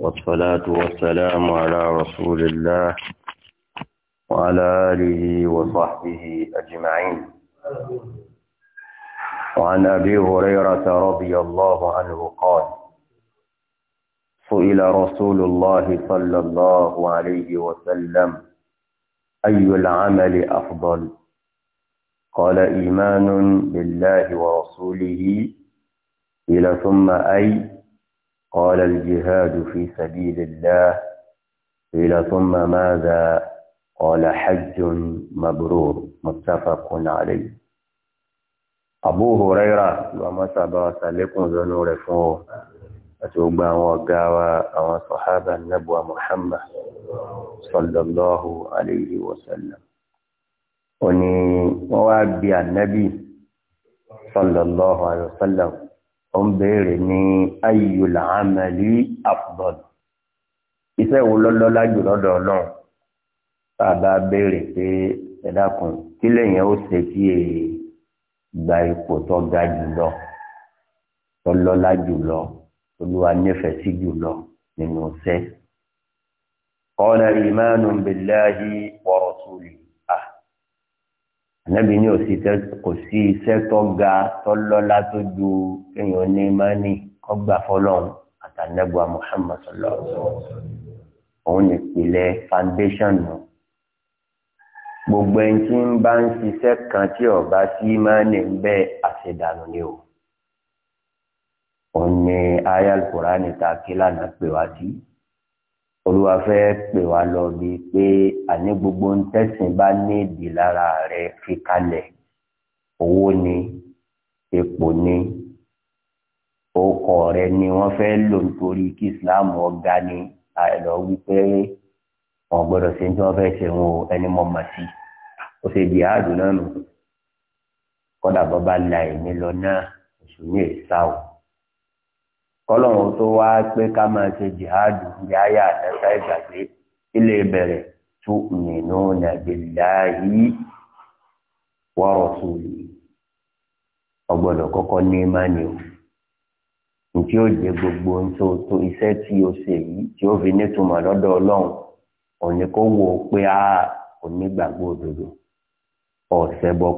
والصلاة والسلام على رسول الله وعلى آله وصحبه أجمعين وعن أبي هريرة رضي الله عنه قال سئل رسول الله صلى الله عليه وسلم أي العمل أفضل قال إيمان بالله ورسوله إلى ثم أي قال الجهاد في سبيل الله قيل ثم ماذا قال حج مبرور متفق عليه أبو هريرة وما سبا سلكم ذنور فوق أتوبا وقاوى أو صحابة النبوة محمد صلى الله عليه وسلم وني وابي النبي صلى الله عليه وسلم ó ń béèrè ní ayyul amali afdal iṣẹ́ wo lọ́lọ́lá jù lọ́dọ̀ ọlọ́run tá a bá béèrè pé ẹ dákun kí lèyàn ó ṣe kí ẹ gba ipò tó ga jùlọ tó lọ́lá jùlọ olúwa nífẹ̀ẹ́ sí jùlọ nínú iṣẹ́. qala imanun billahi wa ànábì ní kò sí iṣẹ́ tó ga tó lọ́lá tó ju kéèyàn ní mání ọgbà fọlọ́run àtànẹ́gbà Muhammad sallallahu alaihi wasallam ìpìlẹ̀ foundation nù gbogbo ẹni tí ń bá ń ṣiṣẹ́ kan tí ọba sí mání ń bẹ àṣedànù ni o òun ni ayé al ta kí lánàá pè wá sí olúwa fẹ́ pè wá lọ bíi pé àní gbogbo ń tẹ̀sìn bá ní ìdí lára rẹ̀ fi kalẹ̀ owó ni epo ni orúkọ rẹ̀ ni wọ́n fẹ́ lò nítorí kí islam ọ̀gá ni àìlọ́ wípé wọn gbọ́dọ̀ ṣe ní tí wọ́n fẹ́ ṣe wọn ẹni mọ̀ mà sí ó ṣe di àádùn náà nù kọ́dà bọ́ bá la ẹ̀mí lọ náà oṣù ní èsà o. kọlọ́run tó wá pé ká máa ṣe jihadu yáyà lẹ́sà ìgbàgbé ilé bẹ̀rẹ̀ tó nínú billahi wa rasuli ọgbọ́dọ̀ kọ́kọ́ ní mánì o nítí ó jẹ gbogbo tó tó iṣẹ́ tí o ṣe yìí tí ó fi nítumọ̀ lọ́dọ̀ ọlọ́run òní kó pé a òdodo ọ̀sẹ̀ bọ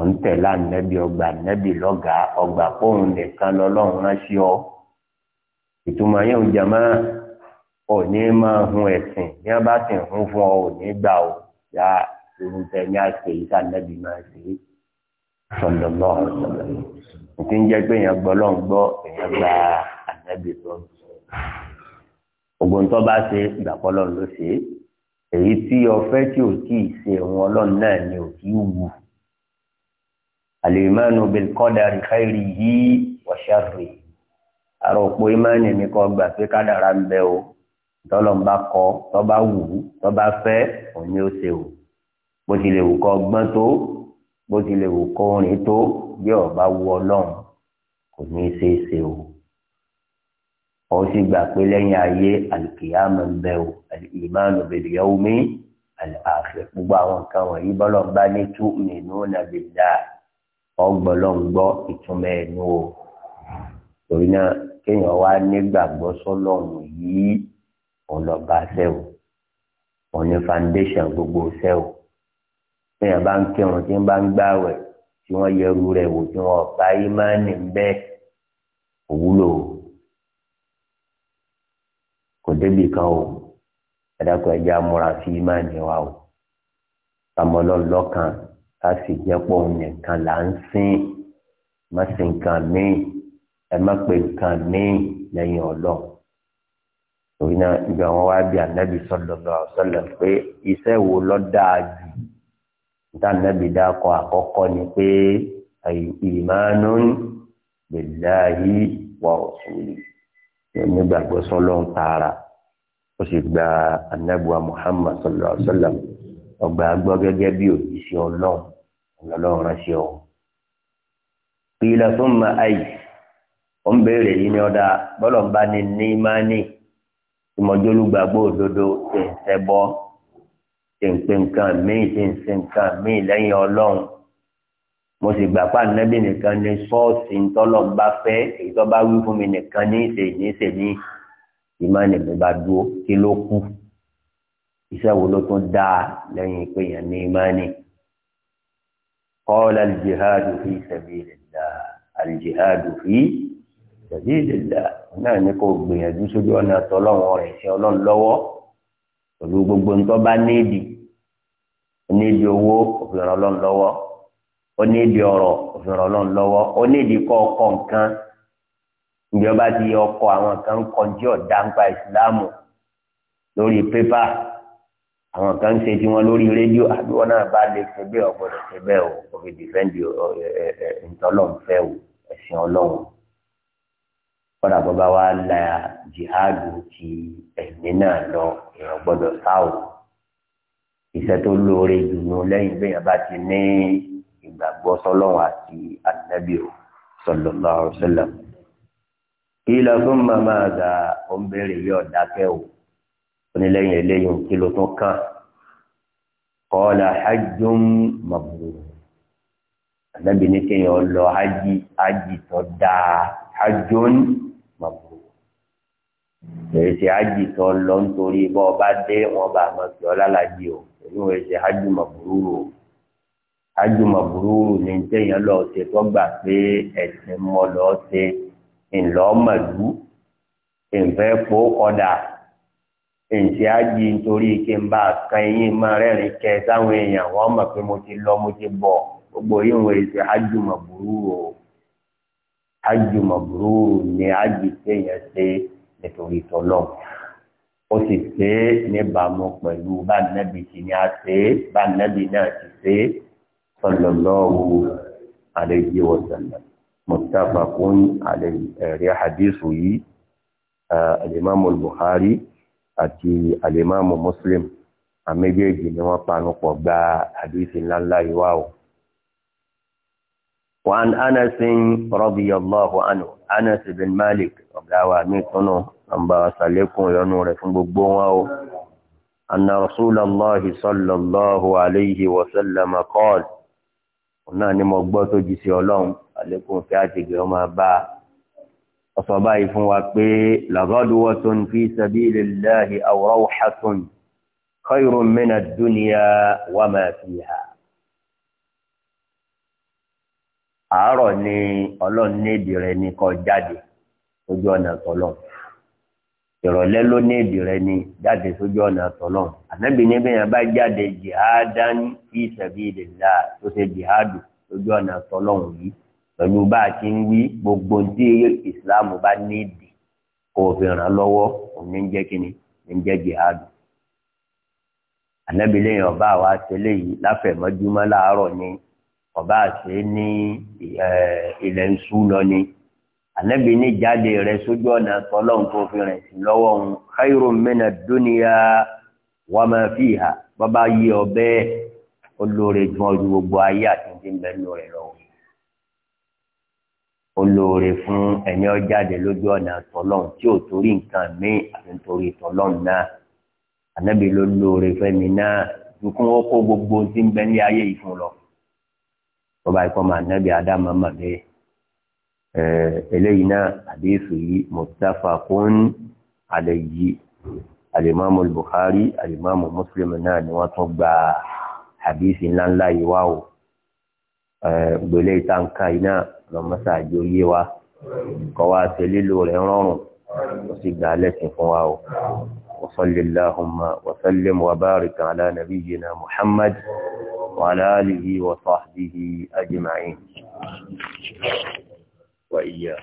ọ̀ǹtẹ̀lá nẹ́bí ọgbà nẹ́bí lọ́gà ọgbà fóun nìkan lọ́lọ́run ránṣẹ́ ọ. ìtumọ̀ yẹn ń jama òní máa hun ẹ̀sìn bí wọ́n bá sì ń hun fún ọ òní gbà ó ya irú tẹ ní àṣẹ yìí ká nẹ́bí máa ṣe é sọ̀dọ̀lọ́ ọ̀sọ̀dọ̀ ìtí ń jẹ́ pé èèyàn gbọ́ lọ́n gbọ́ èèyàn gba ànẹ́bí tó ògùn tó bá ṣe gbàpọ̀ lọ́n ló ṣe èyí tí ọ̀fẹ́ tí ò tí ì ṣe òun ọlọ́run náà ni ò tí ì wù alìmánu bilkọ́dàrí káìrì yìí wọ̀ṣẹ́rì àrò òpó ìmánì mi kọ́ gbà pé kádàrá ń bẹ o tọ́lọ́mbà kọ tọ́ba wù ú tọ́ba fẹ́ òní ó ṣe o bó ti lè wù kọ́ gbọ́n tó bó ti lè wù kọ́ orin tó bí ọba wu ọlọ́run kò ní í ṣe é ṣe o ó sì gbà pé lẹ́yìn ayé alìkìyàmù ń bẹ o alìmánu bìlíọ̀wù mi àlàáfẹ́ gbogbo àwọn nǹkan wọ̀nyí bọ́lọ̀ bá ní tú mìíràn nàbìlá ọgbọ́n lọ́n gbọ́ ìtumọ̀ ẹnu o torí náà kéèyàn wá nígbàgbọ́ sọ́lọ́run yìí òun lọ bá ṣẹ́ o òun ní foundation gbogbo ṣẹ́ o kéèyàn bá ń kírun tí ń bá ń gbààwẹ̀ tí wọ́n yẹru rẹ̀ wò tí wọ́n bá ìmánì ń bẹ́ òwúlò kò débi kan o ẹ̀dá kan ẹja múra sí ìmánì wa o tàmọ́lọ́ lọ́kàn ká sì jẹ́ pọ̀ nìkan là ń sìn má sì nǹkan míì ẹ má pe nǹkan míì lẹ́yìn ọlọ́run torí náà ibi àwọn wá bí anabi sallallahu alaihi wasallam pé iṣẹ́ wo ló dáa jù níta anabi dákọ àkọ́kọ́ ni pé imanun billahi wa rasulihi nígbàgbọ́ sọ́lọ́n tààrà ó sì gba anabuwa muhammad sallallahu alaihi wasallam ọgbà gbọ́ gẹ́gẹ́ bí òjíṣẹ́ ọlọ́run ọlọ́run ránṣẹ́ o qila thumma ayy ó ń béèrè yìí ní ọ̀dà bọ́lọ̀ ń bá ní ní máa ní ìmọ̀jọ́lùgbàgbọ́ òdodo ṣe ń ṣẹbọ ṣe ń pe nǹkan míì ṣe ń ṣe nǹkan míì lẹ́yìn ọlọ́run mo sì gbà pa nẹ́bí nìkan ní ṣọ́ọ̀ṣì ńtọ́lọ̀ bá fẹ́ èyí tó bá wí fún mi nìkan ní ìṣe ní ìṣe ní ìmánì mi bá dúró kí ló kù iṣẹ́ wo ló tún dáa lẹ́yìn pé ní ìmánì. قال الجهاد في سبيل الله الجهاد في سبيل الله náà ní kò gbìyànjú sójú ọ̀nà tọ́lọ́wọ́n rẹ̀ ṣe ọlọ́run lọ́wọ́ pẹ̀lú gbogbo ń tọ́ bá nídìí ó nídìí owó òfin ọlọ́run lọ́wọ́ ó nídìí ọ̀rọ̀ òfin ọlọ́run lọ́wọ́ ó nídìí kọ́ ọkọ̀ nǹkan ti ọkọ̀ àwọn kan kọjú ọ̀dá ń pa ìsìláàmù lórí pépà àwọn kan ń ṣe tí wọn lórí rédíò àbí wọn náà bá lè ṣe bẹ́ẹ̀ ọ̀gbọ́dọ̀ o òfin dìfẹ́ǹdì ntọ́lọ́nfẹ́ o ẹ̀sìn ọlọ́run kọ́dà bọ́ bá wá la jihadu ti ẹ̀mí náà lọ èèyàn gbọ́dọ̀ sá o iṣẹ́ tó lóore jùlọ lẹ́yìn bẹ́yàn bá ti ní ìgbàgbọ́ sọlọ́run àti ànábì o sallallahu alaihi wasallam kí lọ fún màmá àgbà ó ń béèrè yóò dákẹ́ o onílẹ́yìn eléyìí kí ló tún kàn kọ́ọ̀lá hajjum mabrur àdábì ní kéèyàn lọ hajj hajj tó dáa hajjun mabrur èyí ṣe hajj tó lọ nítorí bọ́ ọ bá dé wọn bá àmọ́ sí ọ lálàjì o èyí wọ́n ṣe hajj mabrur o hajj mabrur ní kéèyàn lọ ṣe tó gbà pé ẹ̀sìn mọ́ lọ́ọ́ ṣe ńlọ́ọ́ mọ̀lú ìfẹ́ pọ́ ọ̀dà èsì ájì nítorí kí n bá kan eyín máa rẹ́rìn kẹ sáwọn èèyàn wọ́n mọ̀ pé mo ti lọ mo ti bọ̀ gbogbo yìí èsì ájù burú o ájù burú ni ájì téèyàn ṣe nítorí tọ́lọ́ ó sì ṣe é níbàámu pẹ̀lú bá nẹ́bi ti ní a ṣe é bá nẹ́bi náà ti ṣe é sallallahu alayhi wa sallam muttafaqun ẹ̀rí hadithu yìí alimami Bukhari àti alimami muslim àméjèèjì ni wọ́n panu pọ̀ gba àdìsí ńláńlá yìí wá o. وعن أنس رضي الله عنه أنس بن مالك ọ̀gáwà mi tọ́nà àǹbá sàlékún ìyọnu rẹ̀ fún gbogbo wọn o. أن رسول الله صلى الله عليه وسلم قال náà ni mo gbọ́ tó jí sí ọlọ́run àlékún fẹ́ àtìgbẹ́ ọmọ bá a ọ̀sọ̀ báyìí fún wa pé laghaduwatun fi sabilillahi aw rawhatun khayrun min ad-dunya wa ma fiha. àárọ̀ ni ọlọ́run ní èdè rẹ ní kó jáde sójú ọ̀nà tọ́lọ̀ ìrọ̀lẹ́ ló ní èdè rẹ ní jáde sójú ọ̀nà tọ́lọ̀ ànábì níbi yẹn bá jáde jihadan fi sabilillah tó ṣe jihadu sójú ọ̀nà tọ́lọ̀ yìí pẹ̀lú bá a ti ń wí gbogbo tí ìsìláàmù bá nídìí kó o fi ràn lọ́wọ́ òun ní ń jẹ́ kínní ní ń jẹ́ jihadu. ànábi lẹ́yìn ọba àwa tẹ́lẹ̀ yìí láfẹ̀mọ́júmọ́ láàárọ̀ ni ọba àṣẹ ní ilẹ̀ ń sú lọ ni ànábi ní jáde rẹ sójú ọ̀nà tọ́lọ́hún kó fi rìn sí lọ́wọ́ òun khairum mina dunya wa ma fiha bàbá yí ọ bẹ́ẹ̀ olóore ju gbogbo ayé àti ti ń bẹ́ẹ̀ lóore lọ́wọ́ olóore fún ẹni ọjáde lójú ọ̀nà tọ́lọ́n tí ò torí nǹkan míì àti nítorí tọ́lọ́n náà ànábì ló lóore fẹ́mi náà dùkún ó kó gbogbo tí ń bẹ ní ayé yìí fún lọ tọ́ba ikọ́ máa nábì ádámà màdé eléyìí náà àdéhùn yìí muttafaqun alayhi alimami Bukhari alimami Muslim náà ni wọ́n tún gba hadisi ńláńlá yìí wá o gbèlè ìtànkà iná lọ́mọ́sá àjò yé wa kọ́ wa ṣe lílo rẹ̀ rọrùn ó sì gbà lẹ́sìn fún wa o. وصل اللهم وسلم وبارك على نبينا محمد وعلى آله وصحبه أجمعين وإياه